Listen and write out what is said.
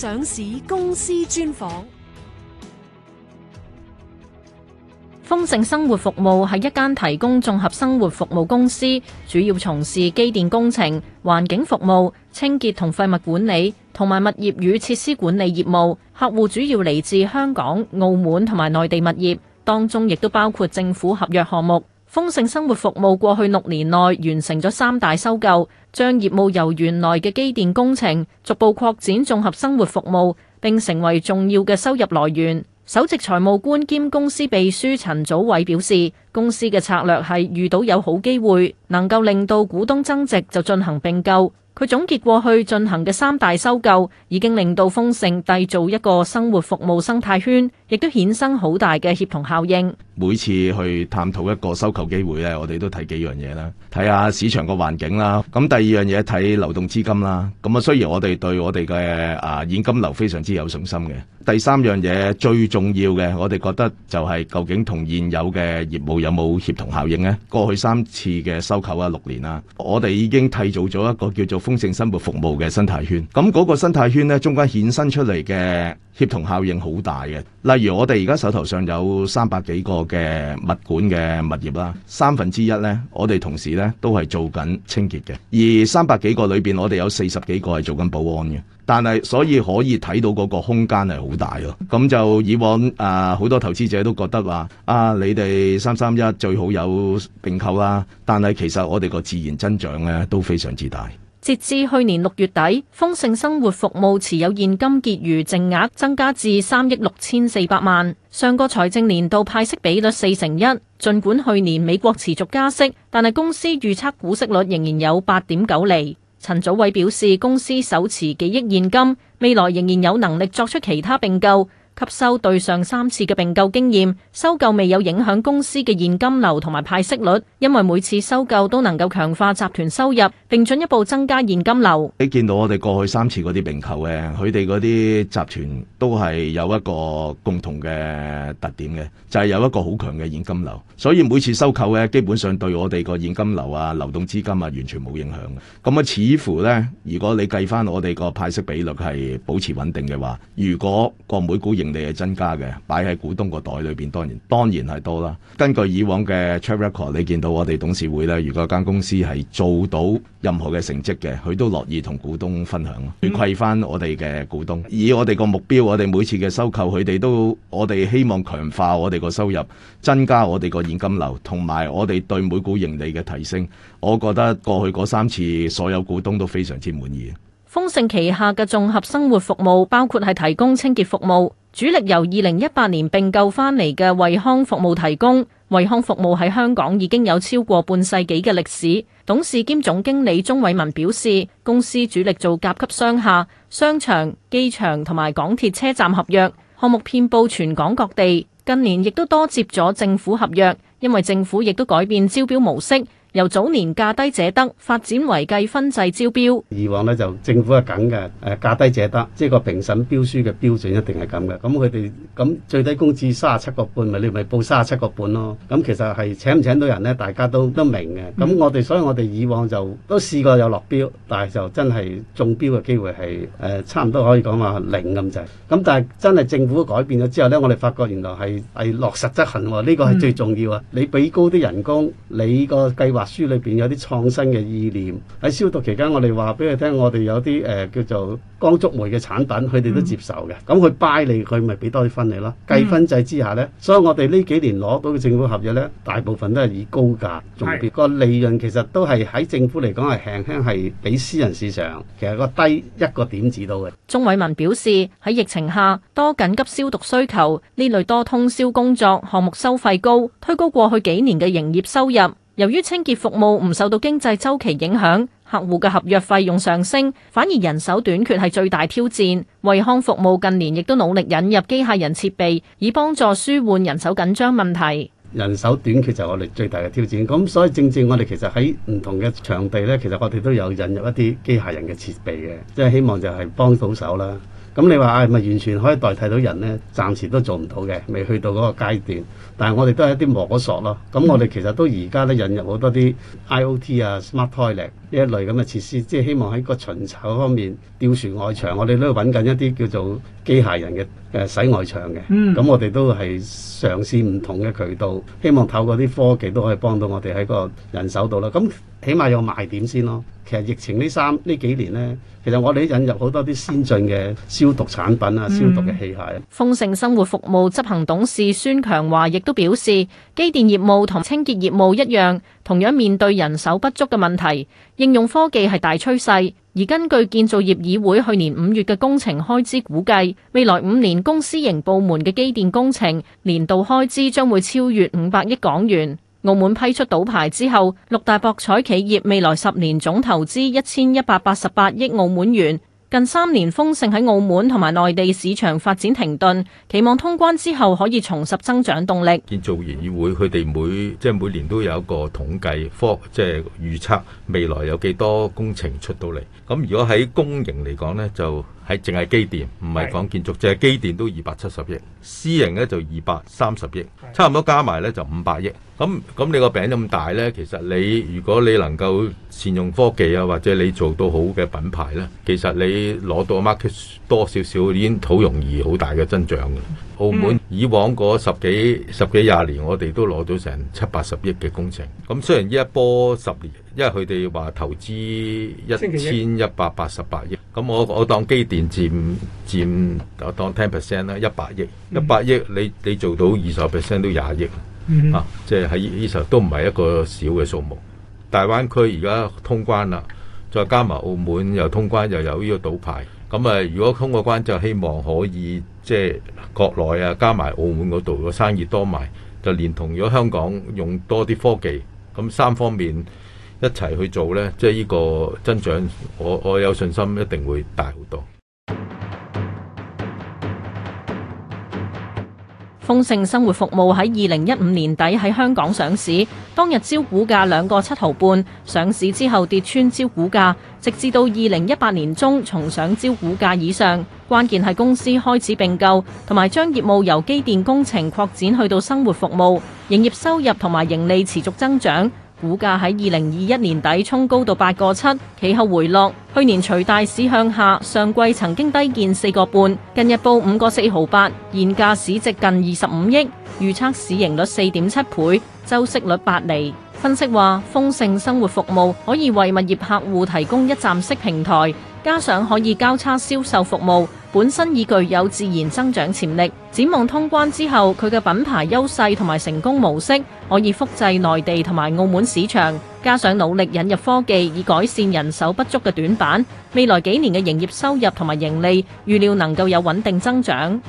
上市公司專訪。豐盛生活服務係一間提供綜合生活服務公司，主要從事機電工程、環境服務、清潔同廢物管理，同埋物業與設施管理業務。客戶主要嚟自香港、澳門同埋內地物業，當中亦都包括政府合約項目。豐盛生活服務過去六年內完成咗三大收購，將業務由原來嘅機電工程逐步擴展綜合生活服務，並成為重要嘅收入來源。首席財務官兼公司秘書陳祖偉表示，公司嘅策略係遇到有好機會，能夠令到股東增值就進行併購。佢總結過去進行嘅三大收購，已經令到豐盛締造一個生活服務生態圈。亦都衍生好大嘅協同效應。每次去探討一個收購機會咧，我哋都睇幾樣嘢啦，睇下市場個環境啦。咁第二樣嘢睇流動資金啦。咁啊，雖然我哋對我哋嘅啊現金流非常之有信心嘅。第三樣嘢最重要嘅，我哋覺得就係究竟同現有嘅業務有冇協同效應咧？過去三次嘅收購啊，六年啦，我哋已經締造咗一個叫做豐盛生活服務嘅生態圈。咁嗰個生態圈咧，中間衍生出嚟嘅。協同效應好大嘅，例如我哋而家手頭上有三百幾個嘅物管嘅物業啦，三分之一呢，我哋同時呢都係做緊清潔嘅，而三百幾個裏邊，我哋有四十幾個係做緊保安嘅，但係所以可以睇到嗰個空間係好大咯。咁就以往啊，呃，好多投資者都覺得話啊，你哋三三一最好有並購啦，但係其實我哋個自然增長咧都非常之大。截至去年六月底，豐盛生活服務持有現金結餘淨額增加至三億六千四百萬。上個財政年度派息比率四成一。盡管去年美國持續加息，但係公司預測股息率仍然有八點九厘。陳祖偉表示，公司手持幾億現金，未來仍然有能力作出其他並購。吸收對上三次嘅併購經驗，收購未有影響公司嘅現金流同埋派息率，因為每次收購都能夠強化集團收入，並進一步增加現金流。你見到我哋過去三次嗰啲併購嘅，佢哋嗰啲集團都係有一個共同嘅特點嘅，就係有一個好強嘅現金流。所以每次收購咧，基本上對我哋個現金流啊、流動資金啊，完全冇影響嘅。咁啊，似乎咧，如果你計翻我哋個派息比率係保持穩定嘅話，如果個每股盈你係增加嘅，擺喺股東個袋裏邊，當然當然係多啦。根據以往嘅 track record，你見到我哋董事會咧，如果間公司係做到任何嘅成績嘅，佢都樂意同股東分享，去饋翻我哋嘅股東。以我哋個目標，我哋每次嘅收購，佢哋都我哋希望強化我哋個收入，增加我哋個現金流，同埋我哋對每股盈利嘅提升。我覺得過去嗰三次，所有股東都非常之滿意。豐盛旗下嘅綜合生活服務包括係提供清潔服務。主力由二零一八年併購返嚟嘅惠康服務提供，惠康服務喺香港已經有超過半世紀嘅歷史。董事兼總經理鍾偉文表示，公司主力做甲級商廈、商場、機場同埋港鐵車站合約，項目遍布全港各地。近年亦都多接咗政府合約，因為政府亦都改變招標模式。由早年價低者得發展為計分制招標，以往呢，就政府係緊嘅，誒、啊、價低者得，即係個評審標書嘅標準一定係咁嘅。咁佢哋咁最低工資三十七個半，咪你咪報三十七個半咯。咁其實係請唔請到人呢，大家都都明嘅。咁、嗯、我哋所以我哋以往就都試過有落標，但係就真係中標嘅機會係誒、呃、差唔多可以講話零咁滯。咁、嗯、但係真係政府改變咗之後呢，我哋發覺原來係係落實執行喎，呢、哦這個係最重要啊！嗯、你俾高啲人工，你個計劃。白書裏邊有啲創新嘅意念，喺消毒期間我，我哋話俾佢聽，我哋有啲誒叫做光觸媒嘅產品，佢哋都接受嘅。咁佢拜你，佢咪俾多啲分你咯？嗯、計分制之下呢，所以我哋呢幾年攞到嘅政府合約呢，大部分都係以高價做，個是利潤其實都係喺政府嚟講係輕輕係比私人市場其實個低一個點子到嘅。鍾偉文表示喺疫情下多緊急消毒需求，呢類多通宵工作項目收費高，推高過去幾年嘅營業收入。由於清潔服務唔受到經濟週期影響，客戶嘅合約費用上升，反而人手短缺係最大挑戰。惠康服務近年亦都努力引入機械人設備，以幫助舒緩人手緊張問題。人手短缺就係我哋最大嘅挑戰，咁所以正正我哋其實喺唔同嘅場地呢，其實我哋都有引入一啲機械人嘅設備嘅，即係希望就係幫到手啦。咁你話啊，係咪、哎、完全可以代替到人呢？暫時都做唔到嘅，未去到嗰個階段。但係我哋都係一啲摸索咯。咁我哋其實都而家咧引入好多啲 IOT 啊、Smart Toilet 呢一類咁嘅設施，即係希望喺個巡查方面、吊船外牆，我哋都揾緊一啲叫做機械人嘅嘅洗外牆嘅。咁、嗯、我哋都係嘗試唔同嘅渠道，希望透過啲科技都可以幫到我哋喺個人手度啦。咁起碼有賣點先咯。其實疫情呢三呢幾年呢，其實我哋引入好多啲先進嘅消毒產品啊，嗯、消毒嘅器械。豐盛生活服務執行董事孫強華亦都表示，機電業務同清潔業務一樣，同樣面對人手不足嘅問題。應用科技係大趨勢，而根據建造業議會去年五月嘅工程開支估計，未來五年公司營部門嘅機電工程年度開支將會超越五百億港元。澳門批出賭牌之後，六大博彩企業未來十年總投資一千一百八十八億澳門元。近三年豐盛喺澳門同埋內地市場發展停頓，期望通關之後可以重拾增長動力。建造業議會，佢哋每即係、就是、每年都有一個統計科，即係預測未來有幾多工程出到嚟。咁如果喺公營嚟講呢，就係淨係機電，唔係講建築，淨係機電都二百七十億，私營呢就二百三十億，差唔多加埋呢就五百億。咁咁你個餅咁大呢，其實你如果你能夠善用科技啊，或者你做到好嘅品牌呢，其實你攞到 market 多少少已經好容易好大嘅增長。澳門以往嗰十幾十幾廿年，我哋都攞到成七八十億嘅工程。咁雖然呢一波十年，因為佢哋話投資 1, 一千一百八十八億，咁我我當機電佔佔我當 ten percent 啦，一百億，一百億、嗯、你你做到二十 percent 都廿億，嗯、啊，即係喺呢時候都唔係一個少嘅數目。大灣區而家通關啦，再加埋澳門又通關，又有呢個賭牌。咁啊，如果通過關就希望可以即係、就是、國內啊，加埋澳門嗰度個生意多埋，就連同咗香港用多啲科技，咁三方面一齊去做咧，即係呢個增長，我我有信心一定會大好多。豐盛生活服務喺二零一五年底喺香港上市，當日招股價兩個七毫半，上市之後跌穿招股價，直至到二零一八年中重上招股價以上。關鍵係公司開始併購，同埋將業務由機電工程擴展去到生活服務，營業收入同埋盈利持續增長。股價喺二零二一年底衝高到八個七，其後回落。去年隨大市向下，上季曾經低見四個半，近日報五個四毫八，現價市值近二十五億，預測市盈率四點七倍，周息率八厘。分析話，豐盛生活服務可以為物業客戶提供一站式平台，加上可以交叉銷售服務。本身已具有自然增長潛力，展望通關之後，佢嘅品牌優勢同埋成功模式可以複製內地同埋澳門市場，加上努力引入科技以改善人手不足嘅短板，未來幾年嘅營業收入同埋盈利，預料能夠有穩定增長。